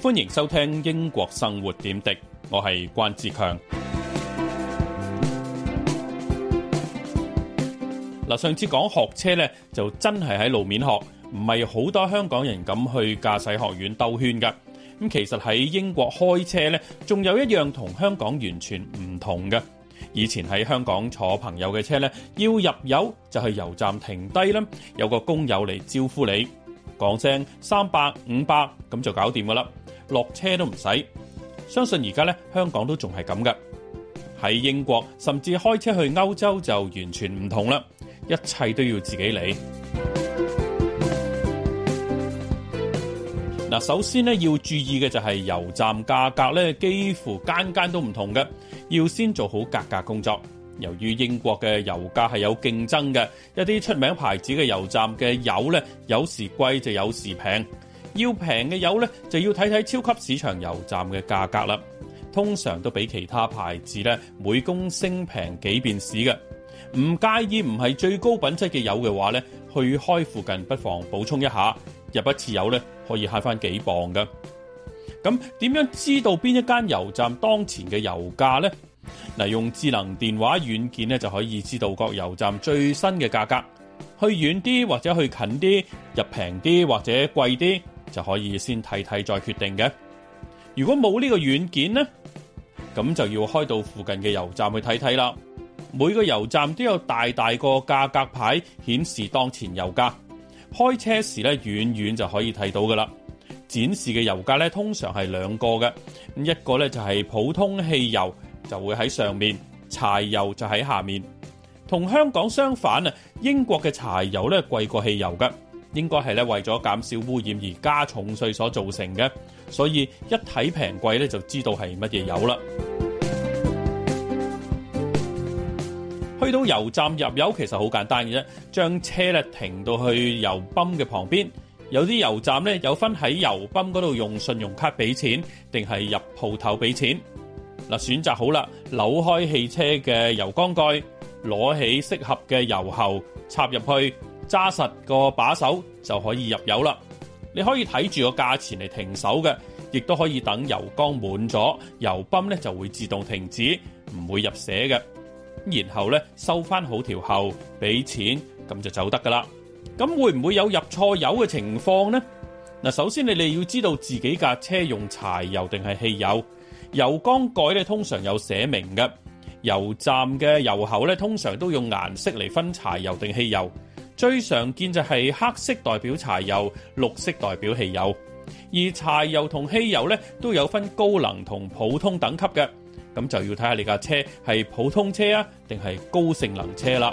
歡迎收聽英國生活點滴，我係關志強。嗱，上次講學車呢，就真係喺路面學，唔係好多香港人咁去駕駛學院兜圈噶。咁其實喺英國開車呢，仲有一樣同香港完全唔同嘅。以前喺香港坐朋友嘅車呢，要入油就去油站停低啦，有個工友嚟招呼你，講聲三百五百，咁就搞掂噶啦。落車都唔使，相信而家咧香港都仲係咁㗎。喺英國甚至開車去歐洲就完全唔同啦，一切都要自己嚟。嗱， 首先咧要注意嘅就係、是、油站價格咧，幾乎間間都唔同嘅，要先做好價格，格工作。由於英國嘅油價係有競爭嘅，一啲出名牌子嘅油站嘅油咧，有時貴就有時平。要平嘅油呢，就要睇睇超級市場油站嘅價格啦。通常都比其他牌子呢，每公升平幾便士嘅。唔介意唔係最高品質嘅油嘅話呢，去開附近不妨補充一下，入一次油呢，可以慳翻幾磅嘅。咁點樣知道邊一間油站當前嘅油價呢？嗱，用智能電話軟件呢，就可以知道各油站最新嘅價格。去遠啲或者去近啲，入平啲或者貴啲。就可以先睇睇再決定嘅。如果冇呢個軟件呢，咁就要開到附近嘅油站去睇睇啦。每個油站都有大大個價格牌顯示當前油價。開車時咧，遠遠就可以睇到噶啦。展示嘅油價咧，通常係兩個嘅。一個咧就係普通汽油，就會喺上面；柴油就喺下面。同香港相反啊，英國嘅柴油咧貴過汽油嘅。應該係咧為咗減少污染而加重稅所造成嘅，所以一睇平貴咧就知道係乜嘢油啦。去到油站入油其實好簡單嘅啫，將車咧停到去油泵嘅旁邊，有啲油站咧有分喺油泵嗰度用信用卡俾錢，定係入鋪頭俾錢。嗱，選擇好啦，扭開汽車嘅油缸蓋，攞起適合嘅油喉插入去。揸實個把手就可以入油啦！你可以睇住個價錢嚟，停手嘅，亦都可以等油缸滿咗，油泵咧就會自動停止，唔會入瀉嘅。然後咧收翻好條喉，俾錢咁就走得噶啦。咁會唔會有入錯油嘅情況呢？嗱，首先你哋要知道自己架車用柴油定係汽油，油缸蓋咧通常有寫明嘅，油站嘅油口咧通常都用顏色嚟分柴油定汽油。最常見就係黑色代表柴油，綠色代表汽油。而柴油同汽油咧都有分高能同普通等級嘅，咁就要睇下你架車係普通車啊，定係高性能車啦。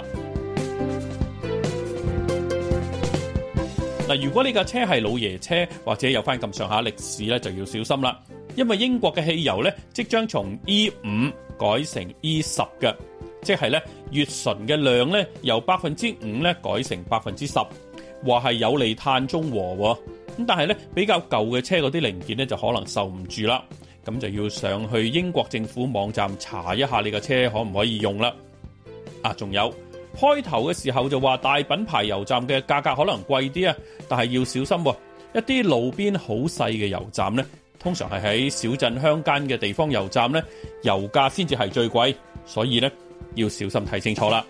嗱，如果你架車係老爺車或者有翻咁上下歷史咧，就要小心啦，因為英國嘅汽油咧即將從 E 五改成 E 十嘅。即係咧，乙醇嘅量咧由百分之五咧改成百分之十，話係有利碳中和咁。但係咧比較舊嘅車嗰啲零件咧就可能受唔住啦，咁就要上去英國政府網站查一下你嘅車可唔可以用啦。啊，仲有開頭嘅時候就話大品牌油站嘅價格可能貴啲啊，但係要小心，一啲路邊好細嘅油站咧，通常係喺小鎮鄉間嘅地方油站咧，油價先至係最貴，所以呢。要小心睇清楚啦！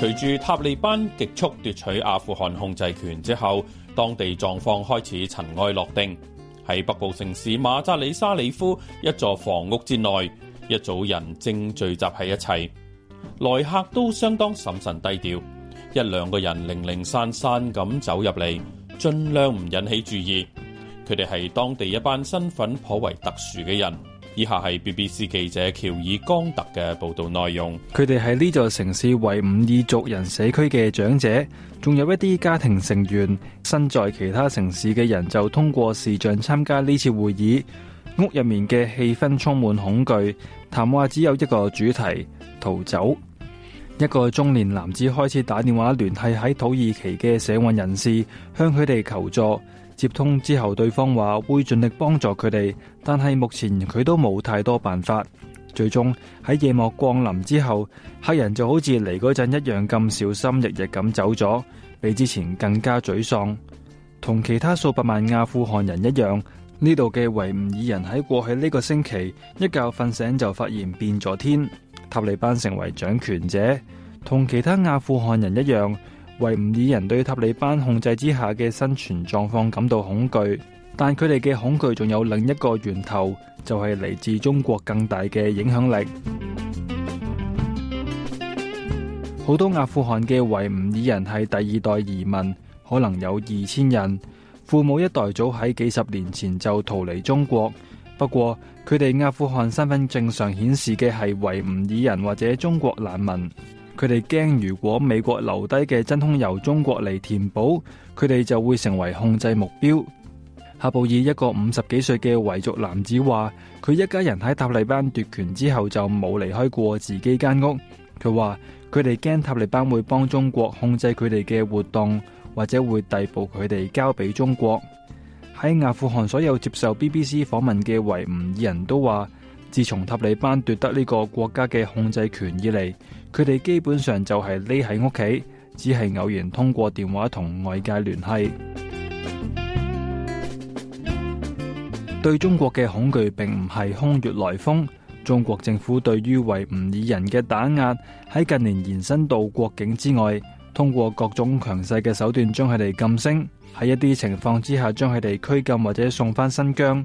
隨住塔利班極速奪取阿富汗控制權之後，當地狀況開始塵埃落定。喺北部城市馬扎里沙里夫一座房屋之內，一組人正聚集喺一齊。來客都相當審慎低調，一兩個人零零散散咁走入嚟，盡量唔引起注意。佢哋係當地一班身份頗為特殊嘅人。以下係 BBC 記者喬爾岡特嘅報道內容。佢哋喺呢座城市為維吾爾族人社區嘅長者，仲有一啲家庭成員身在其他城市嘅人就通過視像參加呢次會議。屋入面嘅氣氛充滿恐懼。談話只有一個主題：逃走。一個中年男子開始打電話聯繫喺土耳其嘅社運人士，向佢哋求助。接通之後，對方話會盡力幫助佢哋，但係目前佢都冇太多辦法。最終喺夜幕降臨之後，客人就好似嚟嗰陣一樣咁小心翼翼咁走咗，比之前更加沮喪。同其他數百萬阿富汗人一樣。呢度嘅維吾爾人喺過去呢個星期一覺瞓醒就發現變咗天，塔利班成為掌權者。同其他阿富汗人一樣，維吾爾人對塔利班控制之下嘅生存狀況感到恐懼。但佢哋嘅恐懼仲有另一個源頭，就係嚟自中國更大嘅影響力。好 多阿富汗嘅維吾爾人係第二代移民，可能有二千人。父母一代早喺幾十年前就逃離中國，不過佢哋阿富汗身份證上顯示嘅係維吾爾人或者中國難民。佢哋驚如果美國留低嘅真空由中國嚟填補，佢哋就會成為控制目標。喀布爾一個五十幾歲嘅維族男子話：佢一家人喺塔利班奪權之後就冇離開過自己間屋。佢話：佢哋驚塔利班會幫中國控制佢哋嘅活動。或者會逮捕佢哋交俾中國。喺阿富汗所有接受 BBC 訪問嘅維吾爾人都話，自從塔利班奪得呢個國家嘅控制權以嚟，佢哋基本上就係匿喺屋企，只係偶然通過電話同外界聯繫。對中國嘅恐懼並唔係空穴來風。中國政府對於維吾爾人嘅打壓喺近年延伸到國境之外。通過各種強勢嘅手段將佢哋禁聲，喺一啲情況之下將佢哋拘禁或者送返新疆。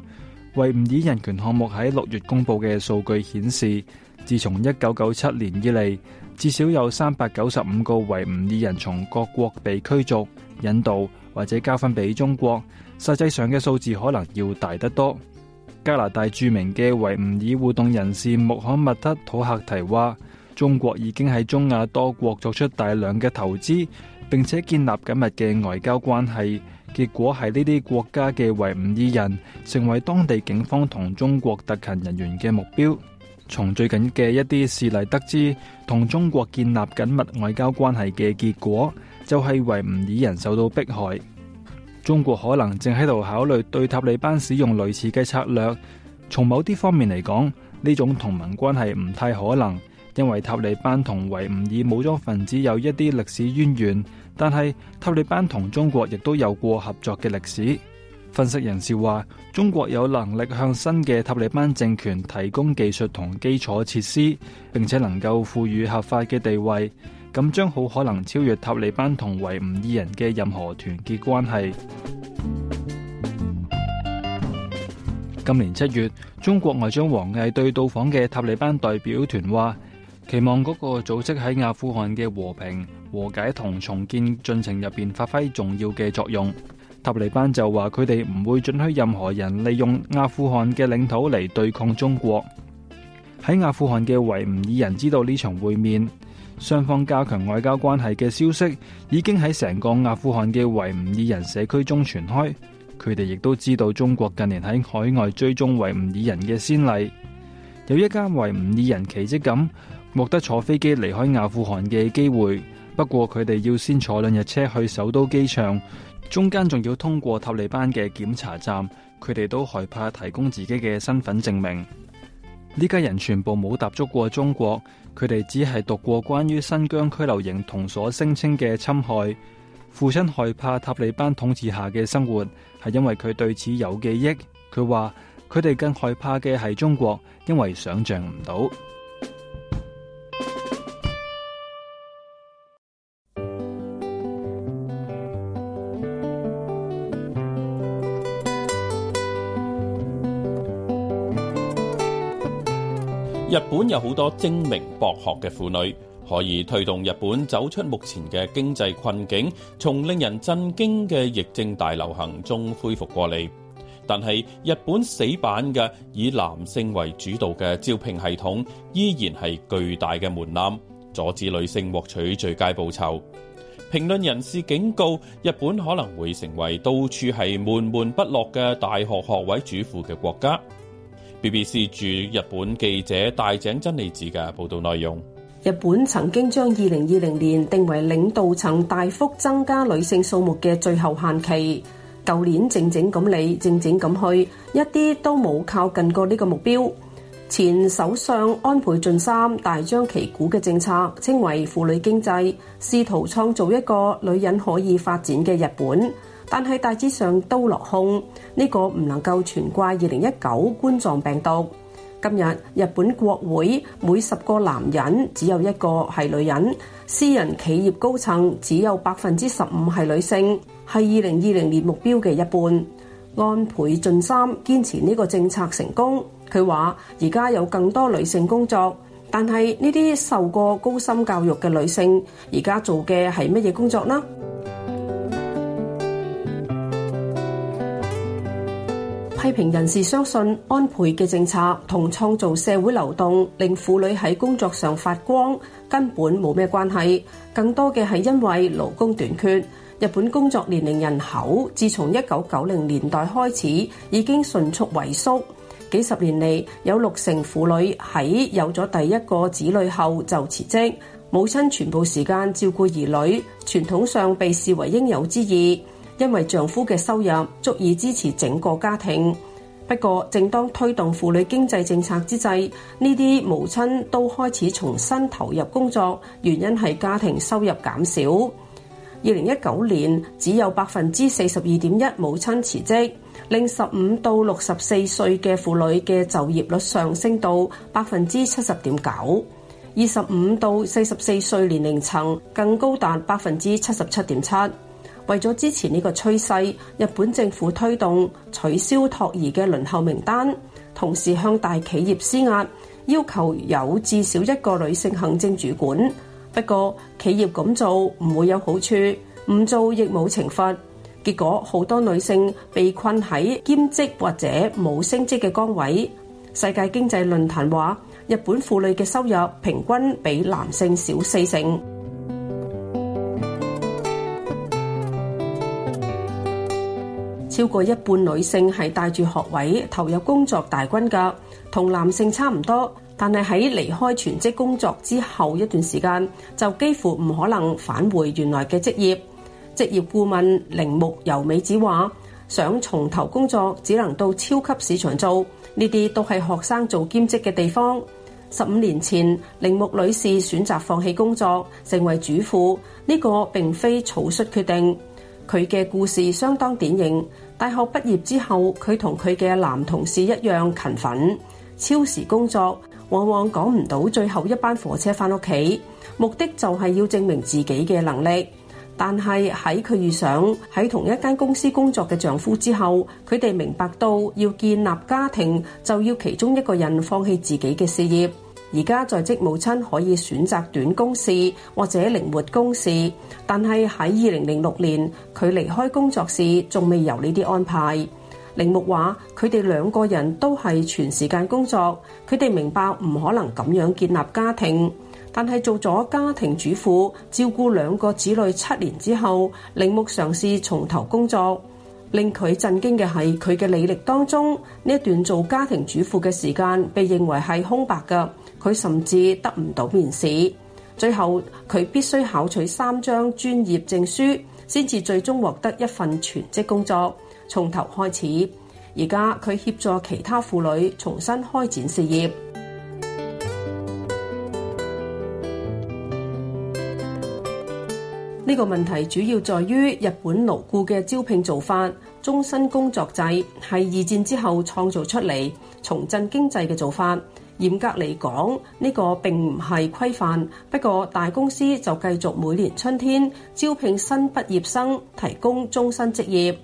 維吾爾人權項目喺六月公布嘅數據顯示，自從一九九七年以嚟，至少有三百九十五個維吾爾人從各國被驅逐、引渡或者交翻俾中國。實際上嘅數字可能要大得多。加拿大著名嘅維吾爾活動人士穆罕默德·土克提話。中國已經喺中亞多國作出大量嘅投資，並且建立緊密嘅外交關係。結果係呢啲國家嘅維吾爾人成為當地警方同中國特勤人員嘅目標。從最近嘅一啲事例得知，同中國建立緊密外交關係嘅結果就係維吾爾人受到迫害。中國可能正喺度考慮對塔利班使用類似嘅策略。從某啲方面嚟講，呢種同盟關係唔太可能。因為塔利班同維吾爾武裝分子有一啲歷史淵源，但係塔利班同中國亦都有過合作嘅歷史。分析人士話，中國有能力向新嘅塔利班政權提供技術同基礎設施，並且能夠賦予合法嘅地位，咁將好可能超越塔利班同維吾爾人嘅任何團結關係。 今年七月，中國外長王毅對到訪嘅塔利班代表團話：期望嗰個組織喺阿富汗嘅和平、和解同重建進程入邊發揮重要嘅作用。塔利班就話，佢哋唔會准許任何人利用阿富汗嘅領土嚟對抗中國。喺阿富汗嘅維吾爾人知道呢場會面，雙方加強外交關係嘅消息已經喺成個阿富汗嘅維吾爾人社區中傳開。佢哋亦都知道中國近年喺海外追蹤維吾爾人嘅先例。有一間維吾爾人奇跡咁獲得坐飛機離開阿富汗嘅機會，不過佢哋要先坐兩日車去首都機場，中間仲要通過塔利班嘅檢查站，佢哋都害怕提供自己嘅身份證明。呢家人全部冇踏足過中國，佢哋只係讀過關於新疆拘留營同所聲稱嘅侵害。父親害怕塔利班統治下嘅生活，係因為佢對此有記憶。佢話佢哋更害怕嘅係中國，因為想象唔到。日本有好多精明博學嘅婦女，可以推動日本走出目前嘅經濟困境，從令人震驚嘅疫症大流行中恢復過嚟。但係日本死板嘅以男性為主導嘅招聘系統，依然係巨大嘅門檻，阻止女性獲取最佳報酬。評論人士警告，日本可能會成為到處係悶悶不樂嘅大學學位主婦嘅國家。BBC 駐日本記者大井真理子嘅報道內容：日本曾經將二零二零年定為領導層大幅增加女性數目嘅最後限期。舊年靜靜咁嚟，靜靜咁去，一啲都冇靠近過呢個目標。前首相安倍晉三大張旗鼓嘅政策，稱為婦女經濟，試圖創造一個女人可以發展嘅日本。但係大致上都落空，呢、這個唔能夠全怪二零一九冠狀病毒。今日日本國會每十個男人只有一個係女人，私人企業高層只有百分之十五係女性，係二零二零年目標嘅一半。安倍晉三堅持呢個政策成功，佢話而家有更多女性工作，但係呢啲受過高深教育嘅女性，而家做嘅係乜嘢工作呢？批評人士相信安倍嘅政策同創造社會流動令婦女喺工作上發光根本冇咩關係，更多嘅係因為勞工短缺。日本工作年齡人口自從一九九零年代開始已經迅速萎縮，幾十年嚟有六成婦女喺有咗第一個子女後就辭職，母親全部時間照顧兒女，傳統上被視為應有之義。因為丈夫嘅收入足以支持整個家庭，不過正當推動婦女經濟政策之際，呢啲母親都開始重新投入工作，原因係家庭收入減少。二零一九年只有百分之四十二點一母親辭職，令十五到六十四歲嘅婦女嘅就業率上升到百分之七十點九，二十五到四十四歲年齡層更高達百分之七十七點七。為咗支持呢個趨勢，日本政府推動取消托兒嘅輪候名單，同時向大企業施壓，要求有至少一個女性行政主管。不過企業咁做唔會有好處，唔做亦冇懲罰。結果好多女性被困喺兼職或者冇升職嘅崗位。世界經濟論壇話，日本婦女嘅收入平均比男性少四成。超過一半女性係帶住學位投入工作大軍㗎，同男性差唔多，但係喺離開全職工作之後一段時間，就幾乎唔可能返回原來嘅職業。職業顧問鈴木由美子話，想從頭工作只能到超級市場做，呢啲都係學生做兼職嘅地方。十五年前，鈴木女士選擇放棄工作成為主婦，呢、呢個並非草率決定。佢嘅故事相當典型。大學畢業之後，佢同佢嘅男同事一樣勤奮，超時工作，往往趕唔到最後一班火車返屋企。目的就係要證明自己嘅能力。但係喺佢遇上喺同一間公司工作嘅丈夫之後，佢哋明白到要建立家庭就要其中一個人放棄自己嘅事業。而家在，在職母親可以選擇短工時或者靈活工時，但係喺二零零六年佢離開工作時，仲未有呢啲安排。鈴木話：佢哋兩個人都係全時間工作，佢哋明白唔可能咁樣建立家庭。但係做咗家庭主婦照顧兩個子女七年之後，鈴木嘗試從頭工作，令佢震驚嘅係佢嘅履歷當中呢一段做家庭主婦嘅時間被認為係空白㗎。佢甚至得唔到面試，最後佢必須考取三張專業證書，先至最終獲得一份全職工作。從頭開始，而家佢協助其他婦女重新開展事業。呢 個問題主要在於日本牢固嘅招聘做法——終身工作制，係二戰之後創造出嚟重振經濟嘅做法。嚴格嚟講，呢個並唔係規範。不過大公司就繼續每年春天招聘新畢業生，提供終身職業。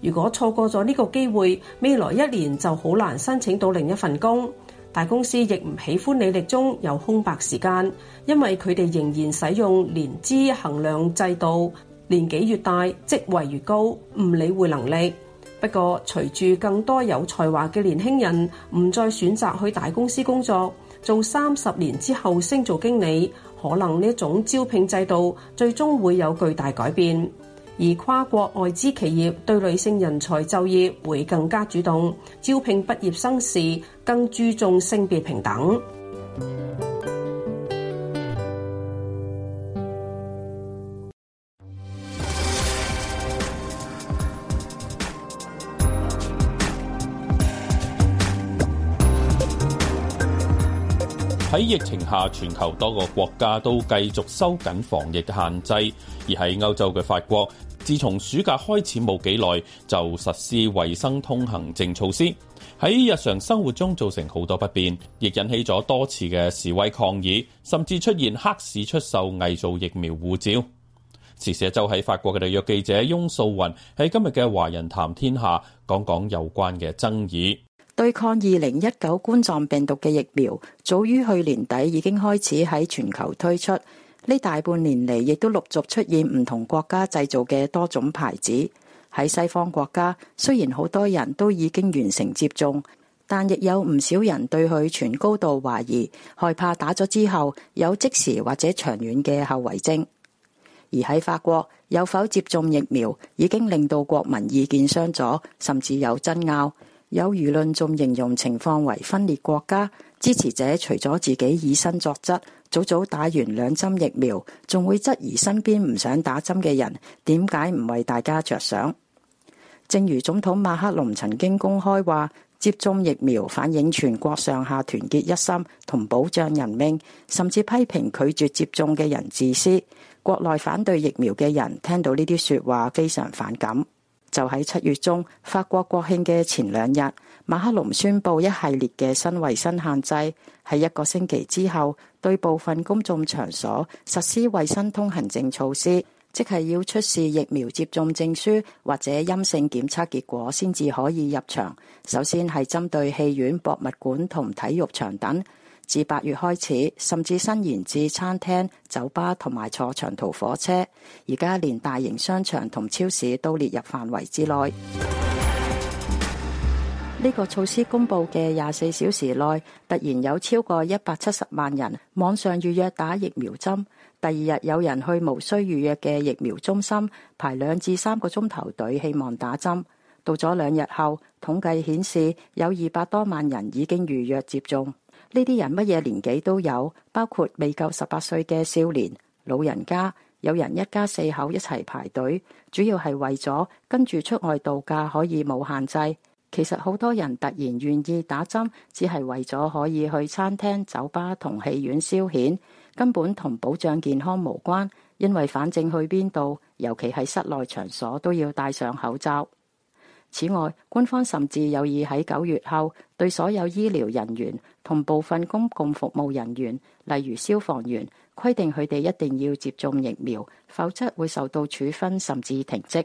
如果錯過咗呢個機會，未來一年就好難申請到另一份工。大公司亦唔喜歡履歷中有空白時間，因為佢哋仍然使用年資衡量制度，年紀越大，職位越高，唔理會能力。不過，隨住更多有才華嘅年輕人唔再選擇去大公司工作，做三十年之後升做經理，可能呢種招聘制度最終會有巨大改變。而跨國外資企業對女性人才就業會更加主動，招聘畢業生時更注重性別平等。疫情下，全球多個國家都繼續收緊防疫嘅限制。而喺歐洲嘅法國，自從暑假開始冇幾耐，就實施衛生通行證措施，喺日常生活中造成好多不便，亦引起咗多次嘅示威抗議，甚至出現黑市出售偽造疫苗護照。時事一周喺法國嘅特約記者翁素云喺今日嘅《華人談天下》講講有關嘅爭議。對抗二零一九冠狀病毒嘅疫苗，早於去年底已經開始喺全球推出。呢大半年嚟，亦都陸續出現唔同國家製造嘅多種牌子。喺西方國家，雖然好多人都已經完成接種，但亦有唔少人對佢存高度懷疑，害怕打咗之後有即時或者長遠嘅後遺症。而喺法國，有否接種疫苗已經令到國民意見相左，甚至有爭拗。有輿論仲形容情況為分裂國家，支持者除咗自己以身作則，早早打完兩針疫苗，仲會質疑身邊唔想打針嘅人點解唔為大家着想。正如總統馬克龍曾經公開話，接種疫苗反映全國上下團結一心，同保障人命，甚至批評拒絕接種嘅人自私。國內反對疫苗嘅人聽到呢啲説話，非常反感。就喺七月中，法國國慶嘅前兩日，馬克龍宣布一系列嘅新衛生限制，喺一個星期之後，對部分公眾場所實施衛生通行證措施，即係要出示疫苗接種證書或者陰性檢測結果先至可以入場，首先係針對戲院、博物館同體育場等。自八月開始，甚至伸延至餐廳、酒吧同埋坐長途火車。而家連大型商場同超市都列入範圍之內。呢 個措施公布嘅廿四小時內，突然有超過一百七十萬人網上預約打疫苗針。第二日有人去無需預約嘅疫苗中心排兩至三個鐘頭隊，希望打針。到咗兩日後，統計顯示有二百多萬人已經預約接種。呢啲人乜嘢年紀都有，包括未夠十八歲嘅少年、老人家，有人一家四口一齊排隊，主要係為咗跟住出外度假可以冇限制。其實好多人突然願意打針，只係為咗可以去餐廳、酒吧同戲院消遣，根本同保障健康無關，因為反正去邊度，尤其係室內場所都要戴上口罩。此外，官方甚至有意喺九月後對所有醫療人員同部分公共服務人員，例如消防員，規定佢哋一定要接種疫苗，否則會受到處分甚至停職。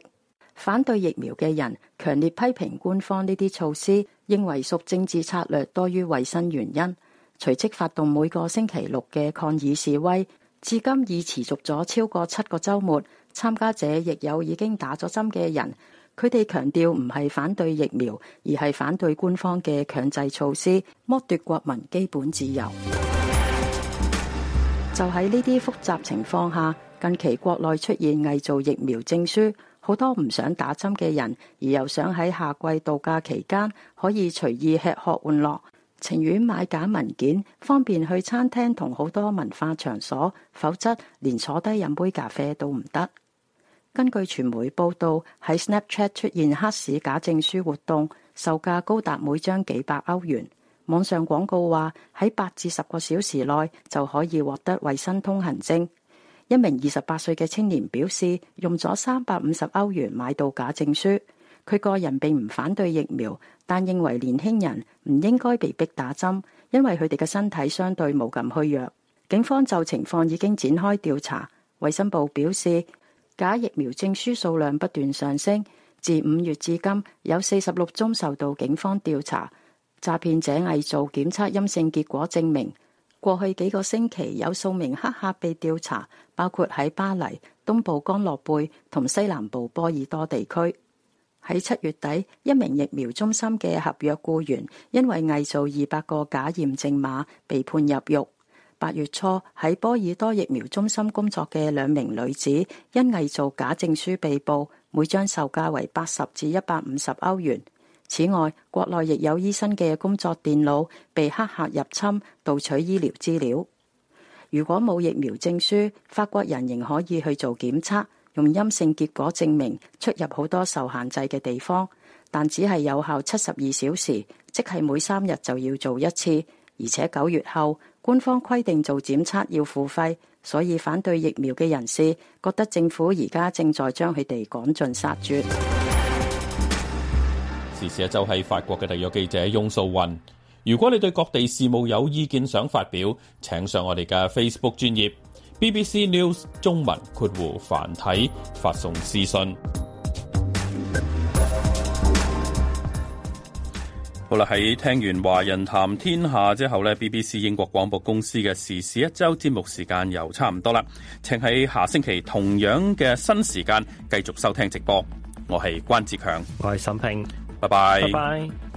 反對疫苗嘅人強烈批評官方呢啲措施，認為屬政治策略多於衛生原因。隨即發動每個星期六嘅抗議示威，至今已持續咗超過七個周末。參加者亦有已經打咗針嘅人。佢哋強調唔係反對疫苗，而係反對官方嘅強制措施，剝奪國民基本自由。 就喺呢啲複雜情況下，近期國內出現偽造疫苗證書，好多唔想打針嘅人，而又想喺夏季度假期間可以隨意吃喝玩樂，情願買假文件，方便去餐廳同好多文化場所，否則連坐低飲杯咖啡都唔得。根據傳媒報道，喺 Snapchat 出現黑市假證書活動，售價高達每張幾百歐元。網上廣告話喺八至十個小時內就可以獲得衛生通行證。一名二十八歲嘅青年表示，用咗三百五十歐元買到假證書。佢個人並唔反對疫苗，但認為年輕人唔應該被逼打針，因為佢哋嘅身體相對冇咁虛弱。警方就情況已經展開調查。衛生部表示。假疫苗證書數量不斷上升，自五月至今有四十六宗受到警方調查。詐騙者偽造檢測陰性結果證明，過去幾個星期有數名黑客被調查，包括喺巴黎東部江諾貝同西南部波爾多地區。喺七月底，一名疫苗中心嘅合約僱員因為偽造二百個假驗證碼被判入獄。八月初喺波爾多疫苗中心工作嘅兩名女子因偽造假證書被捕，每張售價為八十至一百五十歐元。此外，國內亦有醫生嘅工作電腦被黑客入侵，盜取醫療資料。如果冇疫苗證書，法國人仍可以去做檢測，用陰性結果證明出入好多受限制嘅地方，但只係有效七十二小時，即係每三日就要做一次。而且九月後，官方規定做檢測要付費，所以反對疫苗嘅人士覺得政府而家正在將佢哋趕盡殺絕。 時事一周係法國嘅特約記者翁素雲。如果你對各地事務有意見想發表，請上我哋嘅 Facebook 專頁 BBC News 中文括弧繁體發送私信。好啦，喺聽完華人談天下之後呢 BBC 英國廣播公司嘅時事一周節目時間又差唔多啦，請喺下星期同樣嘅新時間繼續收聽直播。我係關智強，我係沈平，拜拜 bye，拜拜。